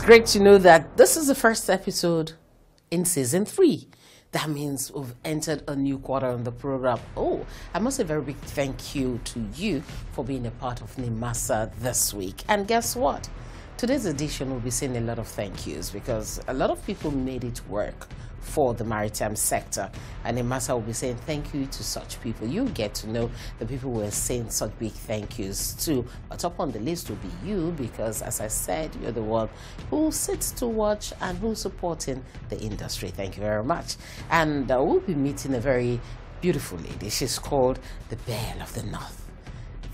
It's great to know that this is the first episode in season three. That means we've entered a new quarter on the program. Oh, I must say a very big thank you to you for being a part of Nimasa this week. And guess what? Today's edition will be seeing a lot of thank yous because a lot of people made it work for the maritime sector. And Emasa will be saying thank you to such people. You get to know the people who are saying such big thank yous to. But up on the list will be you because, as I said, you're the one who sits to watch and who's supporting the industry. Thank you very much. And uh, we'll be meeting a very beautiful lady. She's called the Belle of the North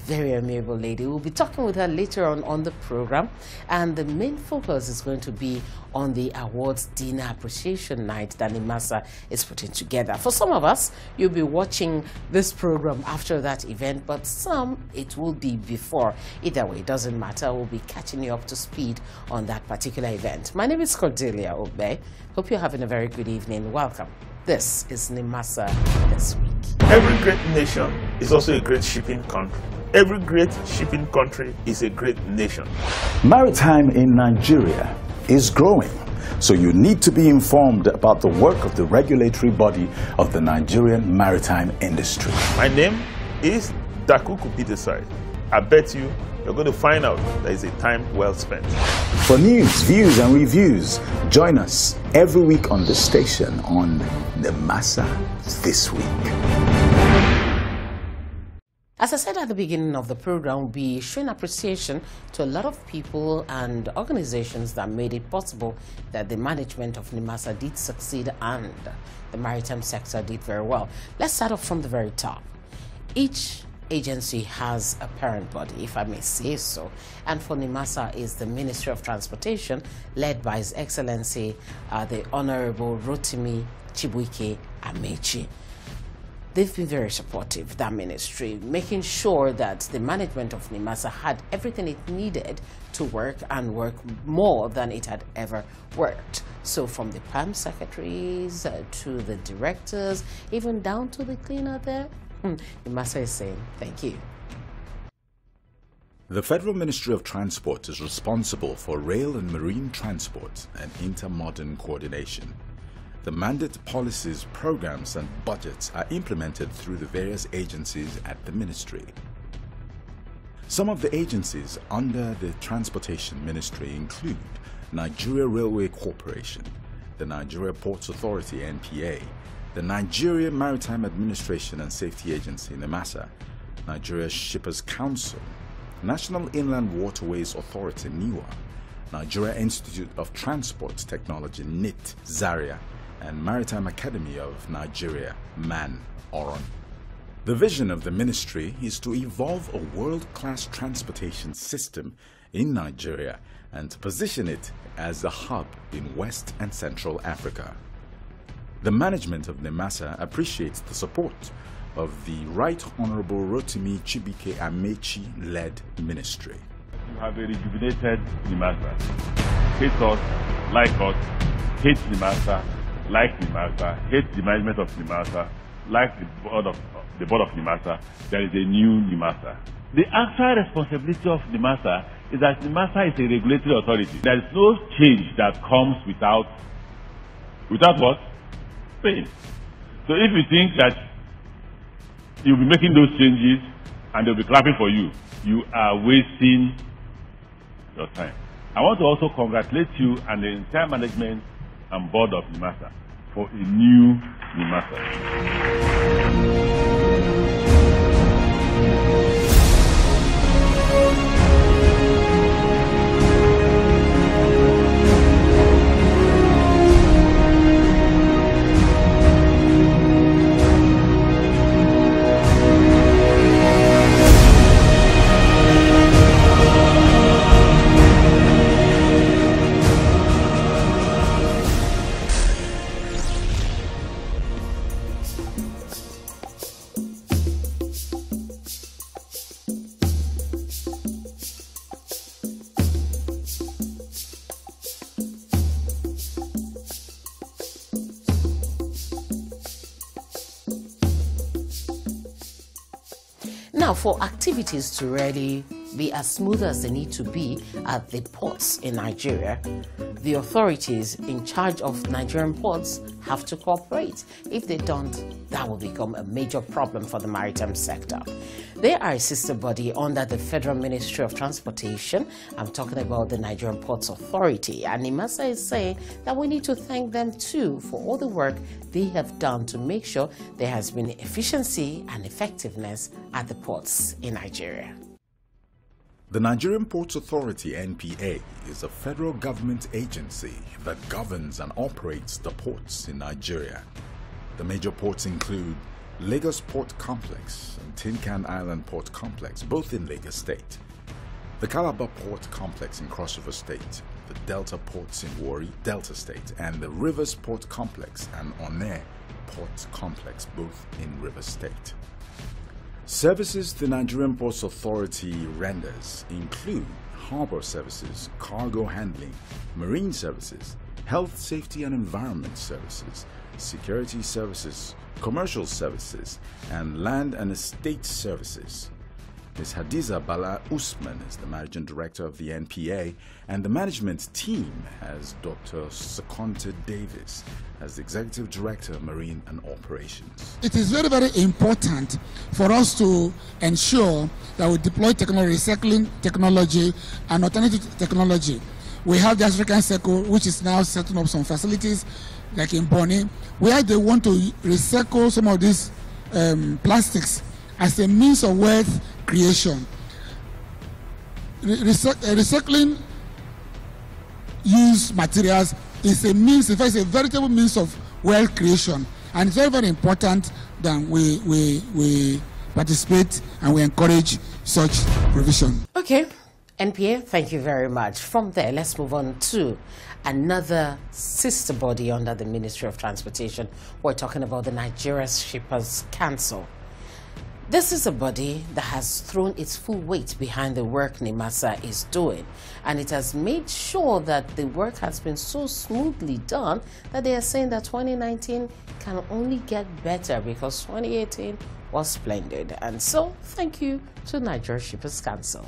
very amiable lady. We'll be talking with her later on on the program, and the main focus is going to be on the awards dinner appreciation night that Nimasa is putting together. For some of us, you'll be watching this program after that event, but some it will be before. Either way, it doesn't matter. We'll be catching you up to speed on that particular event. My name is Cordelia Obey. Hope you're having a very good evening. Welcome. This is Nimasa this week. Every great nation is also a great shipping country. Every great shipping country is a great nation. Maritime in Nigeria is growing. So you need to be informed about the work of the regulatory body of the Nigerian maritime industry. My name is Daku Bidesai. I bet you you're going to find out that it's a time well spent. For news, views, and reviews, join us every week on the station on Nemasa This Week. As I said at the beginning of the program, we'll be showing appreciation to a lot of people and organizations that made it possible that the management of NIMASA did succeed and the maritime sector did very well. Let's start off from the very top. Each agency has a parent body, if I may say so, and for NIMASA is the Ministry of Transportation, led by His Excellency uh, the Honorable Rotimi Chibuike Amechi. They've been very supportive, that ministry, making sure that the management of NIMASA had everything it needed to work and work more than it had ever worked. So from the PAM secretaries uh, to the directors, even down to the cleaner there, the master is saying thank you. The Federal Ministry of Transport is responsible for rail and marine transport and intermodern coordination. The mandate policies, programs and budgets are implemented through the various agencies at the ministry. Some of the agencies under the Transportation Ministry include Nigeria Railway Corporation, the Nigeria Ports Authority NPA, the Nigeria Maritime Administration and Safety Agency, NIMASA, Nigeria Shippers Council, National Inland Waterways Authority, NIWA, Nigeria Institute of Transport Technology, NIT, Zaria, and Maritime Academy of Nigeria, MAN, Oron. The vision of the ministry is to evolve a world-class transportation system in Nigeria and to position it as a hub in West and Central Africa. The management of NEMASA appreciates the support of the Right Honorable Rotimi Chibike Amechi-led ministry. You have a rejuvenated NEMASA. Hate us, like us, hate NEMASA, like NEMASA, hate the management of NEMASA, like the board of, the board of NEMASA, there is a new NEMASA. The actual responsibility of NEMASA is that NEMASA is a regulatory authority. There is no change that comes without, without what? So if you think that you'll be making those changes and they'll be clapping for you, you are wasting your time. I want to also congratulate you and the entire management and board of NIMASA for a new NIMASA. is to ready be as smooth as they need to be at the ports in Nigeria, the authorities in charge of Nigerian ports have to cooperate. If they don't, that will become a major problem for the maritime sector. They are a sister body under the Federal Ministry of Transportation. I'm talking about the Nigerian Ports Authority. And IMASA is saying that we need to thank them too for all the work they have done to make sure there has been efficiency and effectiveness at the ports in Nigeria. The Nigerian Ports Authority NPA is a federal government agency that governs and operates the ports in Nigeria. The major ports include Lagos Port Complex and Tin Can Island Port Complex, both in Lagos State, the Calabar Port Complex in Cross River State, the Delta Ports in Warri, Delta State, and the Rivers Port Complex and Onair Port Complex, both in River State. Services the Nigerian Ports Authority renders include harbor services, cargo handling, marine services, health, safety and environment services, security services, commercial services, and land and estate services. Ms. Hadiza Bala Usman is the managing director of the NPA, and the management team has Dr. Seconte Davis as the executive director of Marine and Operations. It is very, very important for us to ensure that we deploy technology, recycling technology and alternative technology. We have the African Circle, which is now setting up some facilities, like in Bonny, where they want to recycle some of these um, plastics as a means of wealth creation. Uh, recycling used materials is a means, in fact, it's a veritable means of wealth creation. And it's very, very important that we, we, we participate and we encourage such provision. Okay. NPA, thank you very much. From there, let's move on to another sister body under the Ministry of Transportation. We're talking about the Nigeria Shippers Council. This is a body that has thrown its full weight behind the work Nemasa is doing, and it has made sure that the work has been so smoothly done that they are saying that 2019 can only get better because 2018 was splendid. And so, thank you to Nigeria Shippers Council.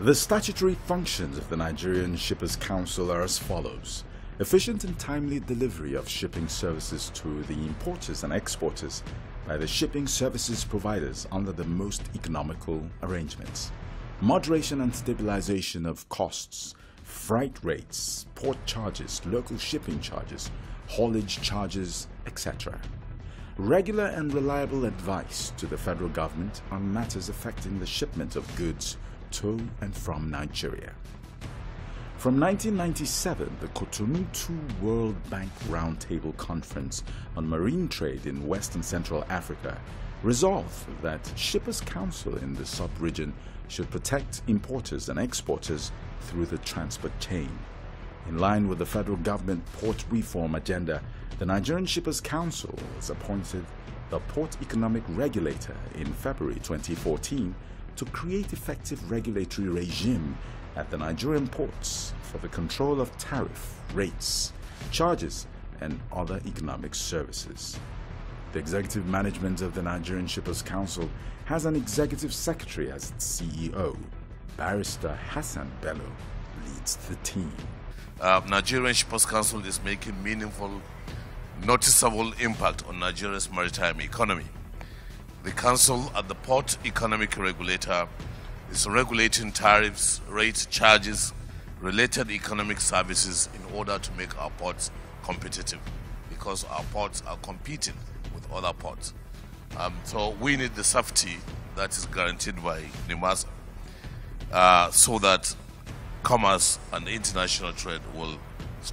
The statutory functions of the Nigerian Shippers Council are as follows. Efficient and timely delivery of shipping services to the importers and exporters by the shipping services providers under the most economical arrangements. Moderation and stabilization of costs, freight rates, port charges, local shipping charges, haulage charges, etc. Regular and reliable advice to the federal government on matters affecting the shipment of goods to and from Nigeria. From 1997, the Cotonou II World Bank Roundtable Conference on Marine Trade in West and Central Africa resolved that Shippers' Council in the sub-region should protect importers and exporters through the transport chain. In line with the federal government port reform agenda, the Nigerian Shippers' Council was appointed the Port Economic Regulator in February 2014 to create effective regulatory regime at the Nigerian ports for the control of tariff, rates, charges, and other economic services. The executive management of the Nigerian Shippers Council has an executive secretary as its CEO. Barrister Hassan Bello leads the team. Uh, Nigerian Shippers Council is making meaningful, noticeable impact on Nigeria's maritime economy. The council, at the port economic regulator, is regulating tariffs, rates, charges, related economic services in order to make our ports competitive because our ports are competing with other ports. Um, so we need the safety that is guaranteed by NIMASA uh, so that commerce and international trade will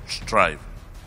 strive.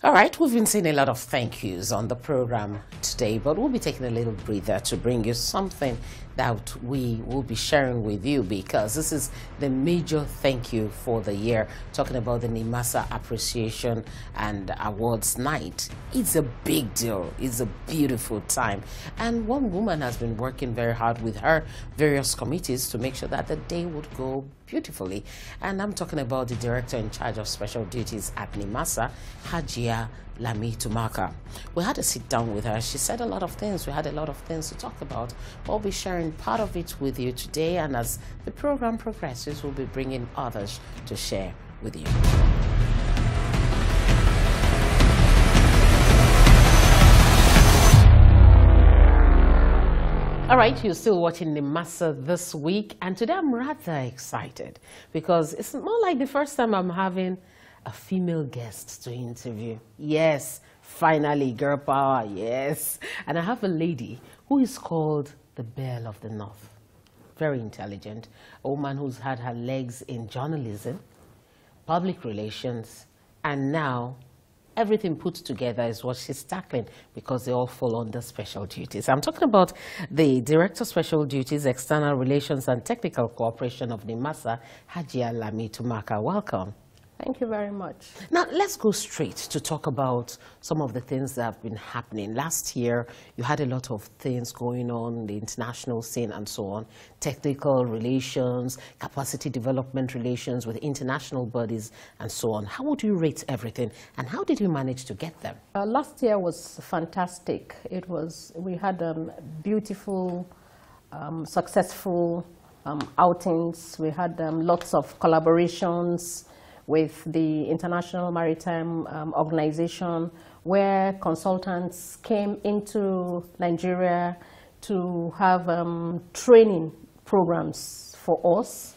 All right, we've been seeing a lot of thank yous on the program today, but we'll be taking a little breather to bring you something that we will be sharing with you because this is the major thank you for the year, talking about the Nimasa Appreciation and Awards Night. It's a big deal. It's a beautiful time. And one woman has been working very hard with her various committees to make sure that the day would go beautifully. And I'm talking about the director in charge of special duties at Nimasa, Hajia Lami Tumaka. We had a sit down with her. She said a lot of things. We had a lot of things to talk about. We'll be sharing part of it with you today. And as the program progresses, we'll be bringing others to share with you. All right, you're still watching Nimasa this week, and today I'm rather excited because it's more like the first time I'm having a female guest to interview. Yes, finally, girl power, yes. And I have a lady who is called the Belle of the North. Very intelligent, a woman who's had her legs in journalism, public relations, and now everything put together is what she's tackling because they all fall under special duties. I'm talking about the Director Special Duties, External Relations and Technical Cooperation of NIMASA, Hajia Tumaka. Welcome. Thank you very much. Now, let's go straight to talk about some of the things that have been happening. Last year, you had a lot of things going on, the international scene and so on, technical relations, capacity development relations with international bodies and so on. How would you rate everything and how did you manage to get them? Uh, last year was fantastic. It was, we had um, beautiful, um, successful um, outings. We had um, lots of collaborations with the International Maritime um, Organization, where consultants came into Nigeria to have um, training programs for us.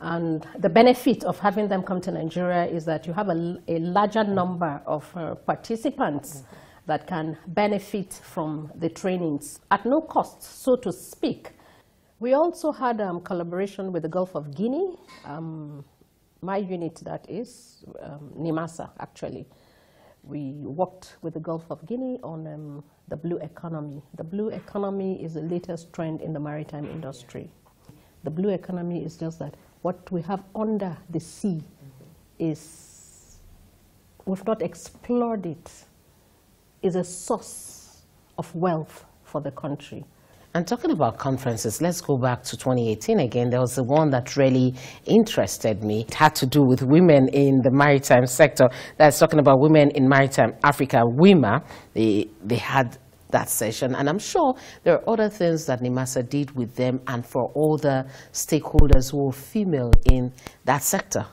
And the benefit of having them come to Nigeria is that you have a, a larger number of uh, participants mm -hmm. that can benefit from the trainings at no cost, so to speak. We also had um, collaboration with the Gulf of Guinea. Um, my unit that is, um, NIMASA actually, we worked with the Gulf of Guinea on um, the blue economy. The blue economy is the latest trend in the maritime industry. The blue economy is just that what we have under the sea is, we've not explored it, is a source of wealth for the country. And talking about conferences, let's go back to 2018 again. There was the one that really interested me. It had to do with women in the maritime sector. That's talking about women in maritime Africa, WIMA. They, they had that session. And I'm sure there are other things that NIMASA did with them and for all the stakeholders who are female in that sector.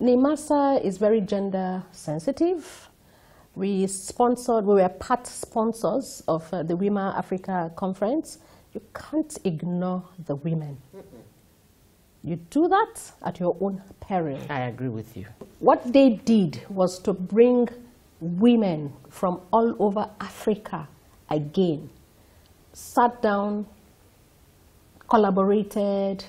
NIMASA is very gender sensitive. We sponsored, we were part sponsors of uh, the WIMA Africa conference you can't ignore the women. Mm -mm. You do that at your own peril. I agree with you. What they did was to bring women from all over Africa again, sat down, collaborated,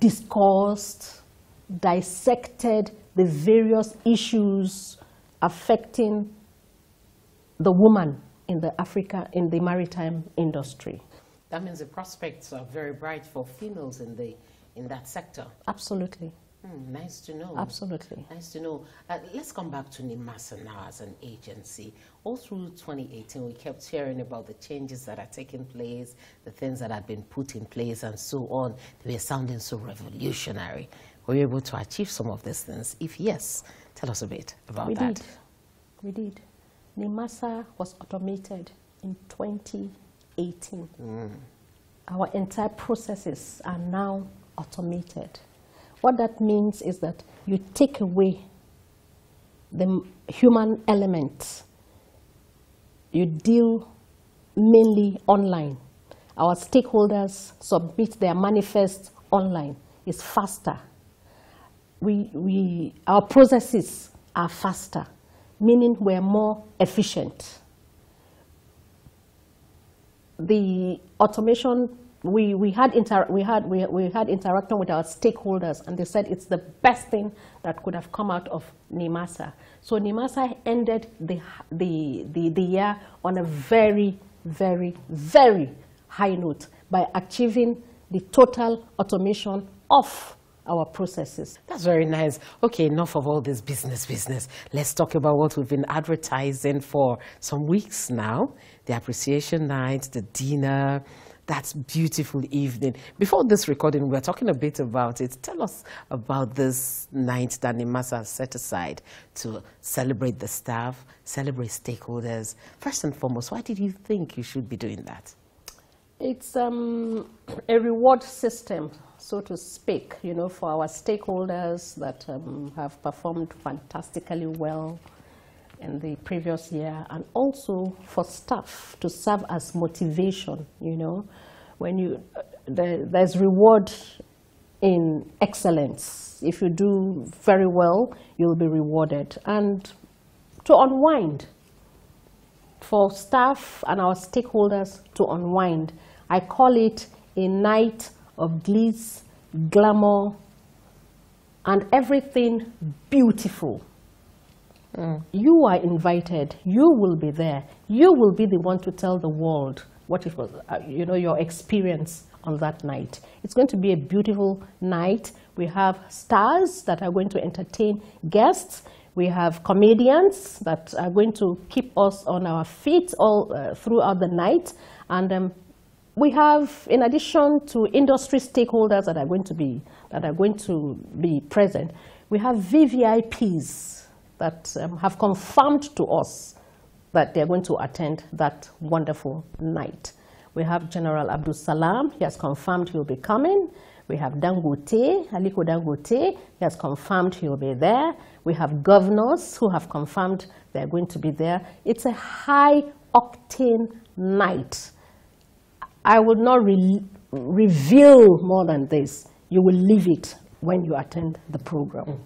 discussed, dissected the various issues affecting the woman in the Africa, in the maritime industry that means the prospects are very bright for females in the in that sector. Absolutely. Hmm, nice to know. Absolutely. Nice to know. Uh, let's come back to NIMASA now as an agency. All through 2018, we kept hearing about the changes that are taking place, the things that have been put in place, and so on. They were sounding so revolutionary. Were you able to achieve some of these things? If yes, tell us a bit about we that. We did. We did. NIMASA was automated in 2018. 18. Mm. Our entire processes are now automated. What that means is that you take away the human element. You deal mainly online. Our stakeholders submit their manifest online. It's faster. We, we, our processes are faster, meaning we're more efficient the automation we, we had inter we had we, we had interaction with our stakeholders and they said it's the best thing that could have come out of NIMASA. So NIMASA ended the the, the, the year on a very, very, very high note by achieving the total automation of our processes. That's very nice. Okay, enough of all this business business. Let's talk about what we've been advertising for some weeks now. The appreciation night, the dinner, that beautiful evening. Before this recording, we were talking a bit about it. Tell us about this night that Nimasa set aside to celebrate the staff, celebrate stakeholders. First and foremost, why did you think you should be doing that? It's um, a reward system so to speak, you know, for our stakeholders that um, have performed fantastically well in the previous year, and also for staff to serve as motivation, you know, when you, uh, there, there's reward in excellence. If you do very well, you'll be rewarded. And to unwind, for staff and our stakeholders to unwind. I call it a night of glitz, glamour, and everything beautiful. Mm. You are invited. You will be there. You will be the one to tell the world what it was, uh, you know, your experience on that night. It's going to be a beautiful night. We have stars that are going to entertain guests. We have comedians that are going to keep us on our feet all uh, throughout the night. And um, we have, in addition to industry stakeholders that are going to be, that are going to be present, we have VVIPs that um, have confirmed to us that they're going to attend that wonderful night. We have General Abdul Salam, he has confirmed he'll be coming. We have Dangote, Aliko Dangote, he has confirmed he'll be there. We have governors who have confirmed they're going to be there. It's a high octane night I will not re reveal more than this. You will leave it when you attend the program. Mm.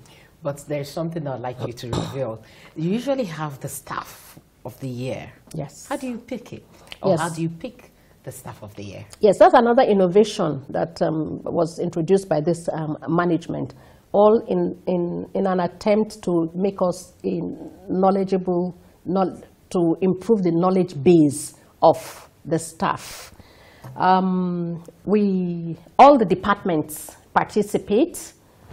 But there's something I'd like you to reveal. You usually have the staff of the year. Yes. How do you pick it? Or yes. how do you pick the staff of the year? Yes, that's another innovation that um, was introduced by this um, management, all in, in, in an attempt to make us knowledgeable, not to improve the knowledge base of the staff um, we, all the departments participate.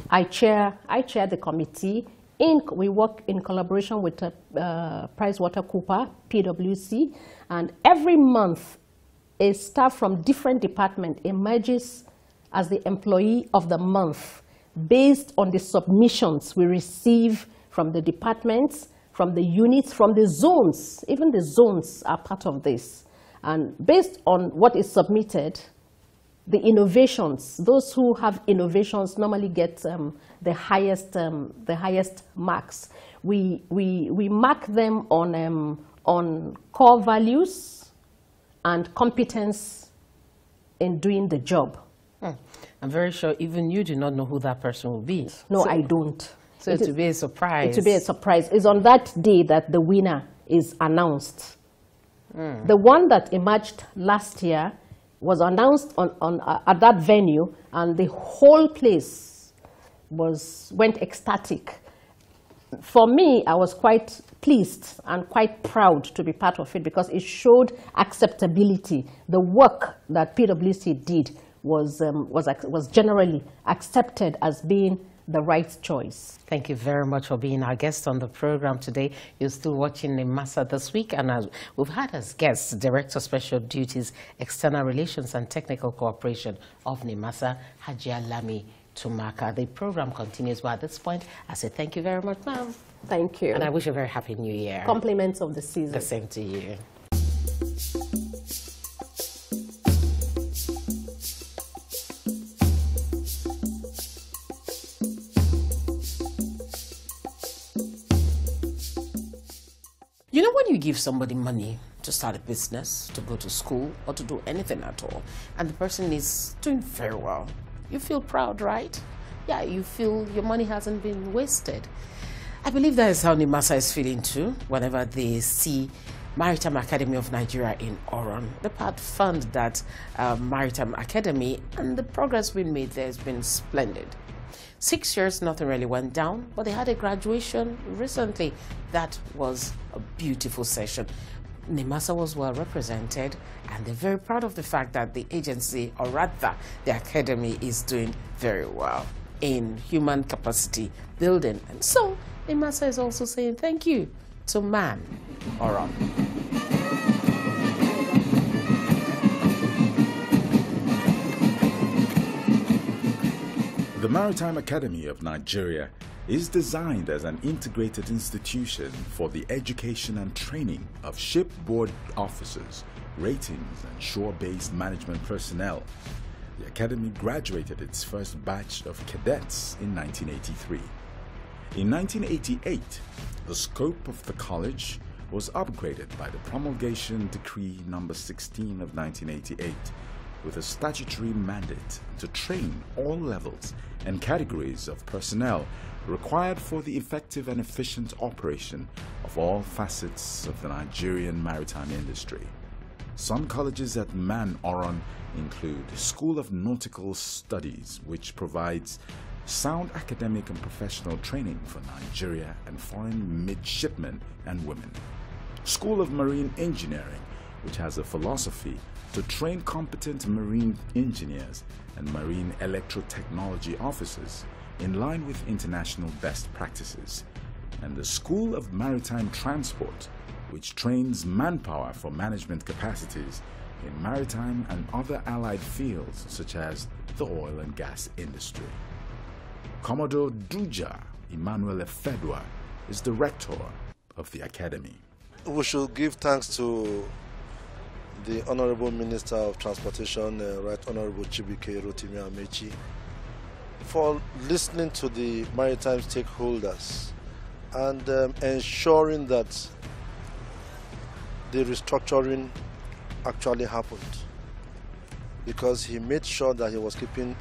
I chair, I chair the committee. In, we work in collaboration with uh, uh, PricewaterCooper, PwC, and every month a staff from different department emerges as the employee of the month based on the submissions we receive from the departments, from the units, from the zones. Even the zones are part of this. And based on what is submitted, the innovations, those who have innovations normally get um, the, highest, um, the highest marks. We, we, we mark them on, um, on core values and competence in doing the job. Hmm. I'm very sure even you do not know who that person will be. No, so, I don't. So it, it will be a surprise. It will be a surprise. It's on that day that the winner is announced. The one that emerged last year was announced on, on, uh, at that venue, and the whole place was, went ecstatic. For me, I was quite pleased and quite proud to be part of it because it showed acceptability. The work that PwC did was, um, was, was generally accepted as being the right choice. Thank you very much for being our guest on the program today. You're still watching Nemasa this week, and as uh, we've had as guests Director Special Duties, External Relations and Technical Cooperation of Nemasa, Hajia Lami Tumaka. The program continues, but at this point, I say thank you very much, ma'am. Thank you. And I wish you a very happy new year. Compliments of the season. The same to you. You know, when you give somebody money to start a business, to go to school, or to do anything at all, and the person is doing very well, you feel proud, right? Yeah, you feel your money hasn't been wasted. I believe that is how Nimasa is feeling too, whenever they see Maritime Academy of Nigeria in Oron. The part fund that uh, Maritime Academy and the progress we made there has been splendid six years, nothing really went down, but they had a graduation recently. That was a beautiful session. Nemasa was well represented and they're very proud of the fact that the agency, or rather the academy, is doing very well in human capacity building. And so Nemasa is also saying thank you to man or Maritime Academy of Nigeria is designed as an integrated institution for the education and training of shipboard officers, ratings and shore-based management personnel. The Academy graduated its first batch of cadets in 1983. In 1988, the scope of the college was upgraded by the promulgation decree number 16 of 1988 with a statutory mandate to train all levels and categories of personnel required for the effective and efficient operation of all facets of the Nigerian maritime industry. Some colleges at Man Oron include School of Nautical Studies, which provides sound academic and professional training for Nigeria and foreign midshipmen and women. School of Marine Engineering, which has a philosophy to train competent marine engineers and marine electrotechnology officers in line with international best practices, and the School of Maritime Transport, which trains manpower for management capacities in maritime and other allied fields such as the oil and gas industry. Commodore Duja Emmanuel Efedwa is the rector of the academy. We should give thanks to the Honorable Minister of Transportation, uh, Right Honorable Chibike Rotimi Amechi, for listening to the maritime stakeholders and um, ensuring that the restructuring actually happened because he made sure that he was keeping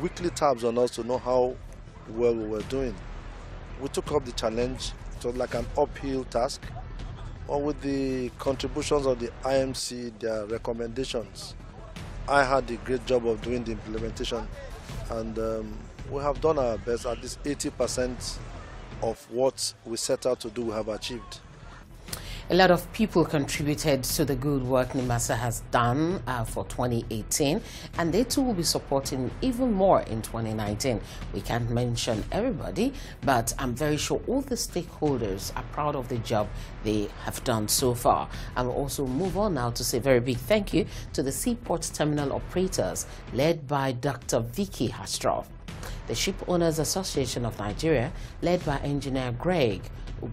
weekly tabs on us to know how well we were doing. We took up the challenge, it was like an uphill task, But with the contributions of the IMC, their recommendations, I had the great job of doing the implementation. And um, we have done our best. At least 80% of what we set out to do, we have achieved. A lot of people contributed to the good work NIMASA has done uh, for 2018, and they too will be supporting even more in 2019. We can't mention everybody, but I'm very sure all the stakeholders are proud of the job they have done so far. I will also move on now to say very big thank you to the seaport terminal operators led by Dr. Vicky Hastroff the Ship Owners Association of Nigeria, led by engineer Greg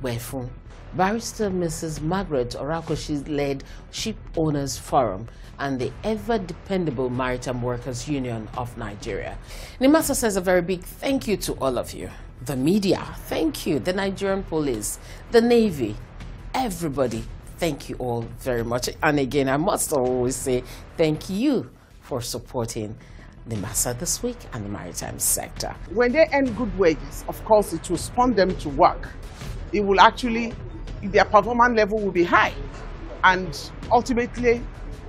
Wefun Barrister Mrs. Margaret she's led Ship Owners Forum and the Ever Dependable Maritime Workers Union of Nigeria. Nimasa says a very big thank you to all of you. The media, thank you. The Nigerian police, the Navy, everybody, thank you all very much. And again, I must always say thank you for supporting the Massa this week and the maritime sector. When they earn good wages, of course, it will spawn them to work. It will actually their performance level will be high. And ultimately,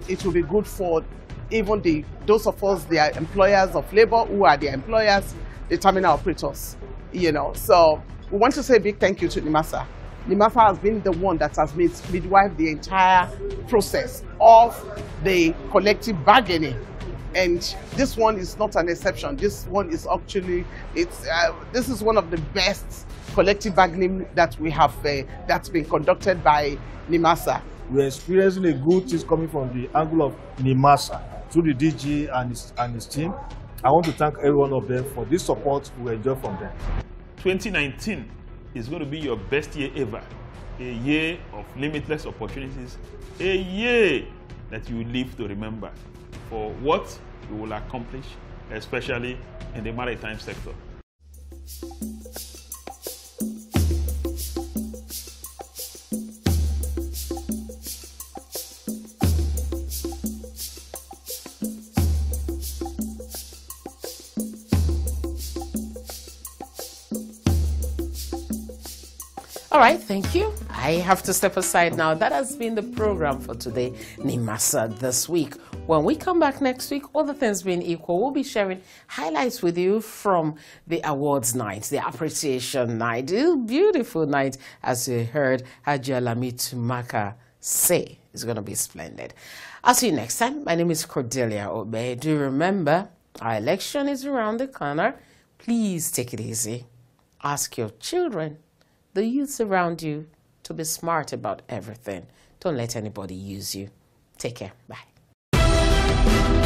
it will be good for even the, those of us, the employers of labor, who are the employers, the terminal operators, you know. So we want to say a big thank you to NIMASA. NIMASA has been the one that has made midwife the entire process of the collective bargaining. And this one is not an exception. This one is actually, it's, uh, this is one of the best collective bargaining that we have uh, that's been conducted by NIMASA. We're experiencing a good thing coming from the angle of NIMASA through the DG and his, and his team. I want to thank every one of them for this support we enjoy from them. 2019 is going to be your best year ever, a year of limitless opportunities, a year that you live to remember for what you will accomplish, especially in the maritime sector. Thank you All right, thank you. I have to step aside now. That has been the program for today, Nimasa This Week. When we come back next week, all the things being equal, we'll be sharing highlights with you from the awards night, the appreciation night. It's a beautiful night, as you heard Haji Alami Tumaka say. It's going to be splendid. I'll see you next time. My name is Cordelia Obey. Do you remember, our election is around the corner. Please take it easy. Ask your children the youths around you to be smart about everything. Don't let anybody use you. Take care. Bye.